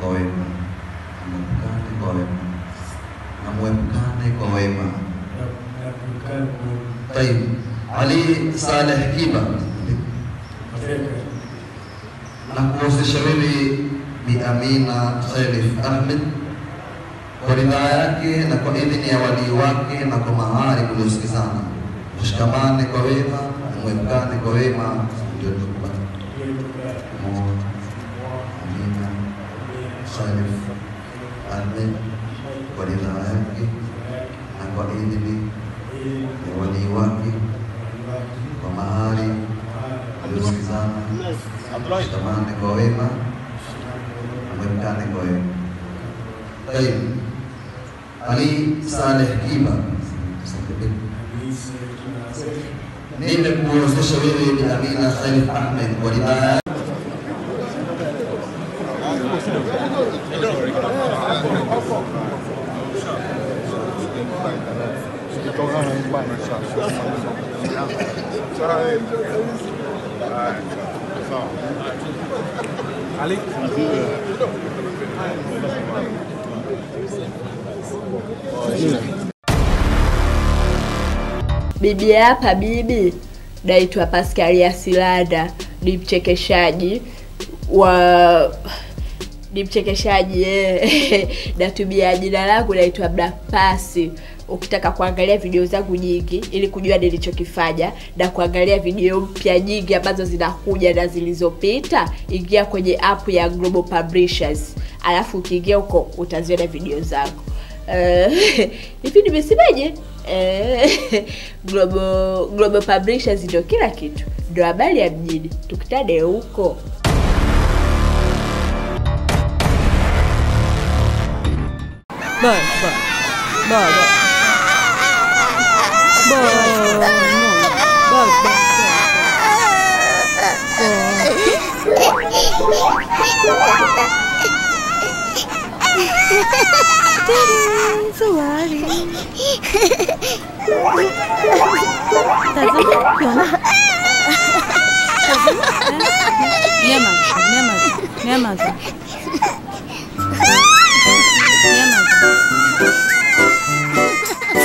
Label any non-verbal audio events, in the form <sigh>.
kwa wema, amwepukane kwa wema, amwepukane kwa wema. طيب علي صالح كيما nakuwasilisha mimi Bi Amina Khalif Ahmed kwa ridhaa yake na kwa idhini ya walii wake na kwa mahali kuliosikizana. Mshikamane kwa wema, mwepukane kwa wema, ndio tukubali. Amina. salif anne walina yake na kwa idhini ya walii wake kwa mahali waliosikizana shikamane kwa wema amwepukane kwa wema tayib ali saleh kiba nimekuozesha wewe ni amina salih ahmed walina Allez. Bibi hapa bibi, naitwa Paskalia Silada, ni mchekeshaji wa ni mchekeshaji eh, <laughs> natumia jina langu naitwa Black Pass ukitaka kuangalia video zangu nyingi ili kujua nilichokifanya na kuangalia video mpya nyingi ambazo zinakuja na zilizopita ingia kwenye app ya global publishers alafu ukiingia huko utaziona video zangu eh, <laughs> hivi nimesemaje eh, <laughs> global, global publishers ndio kila kitu ndo habari ya mjini tukutane huko Bye, bye. Bye, bye. Mehrmals. Mehrmals. Mehrmals.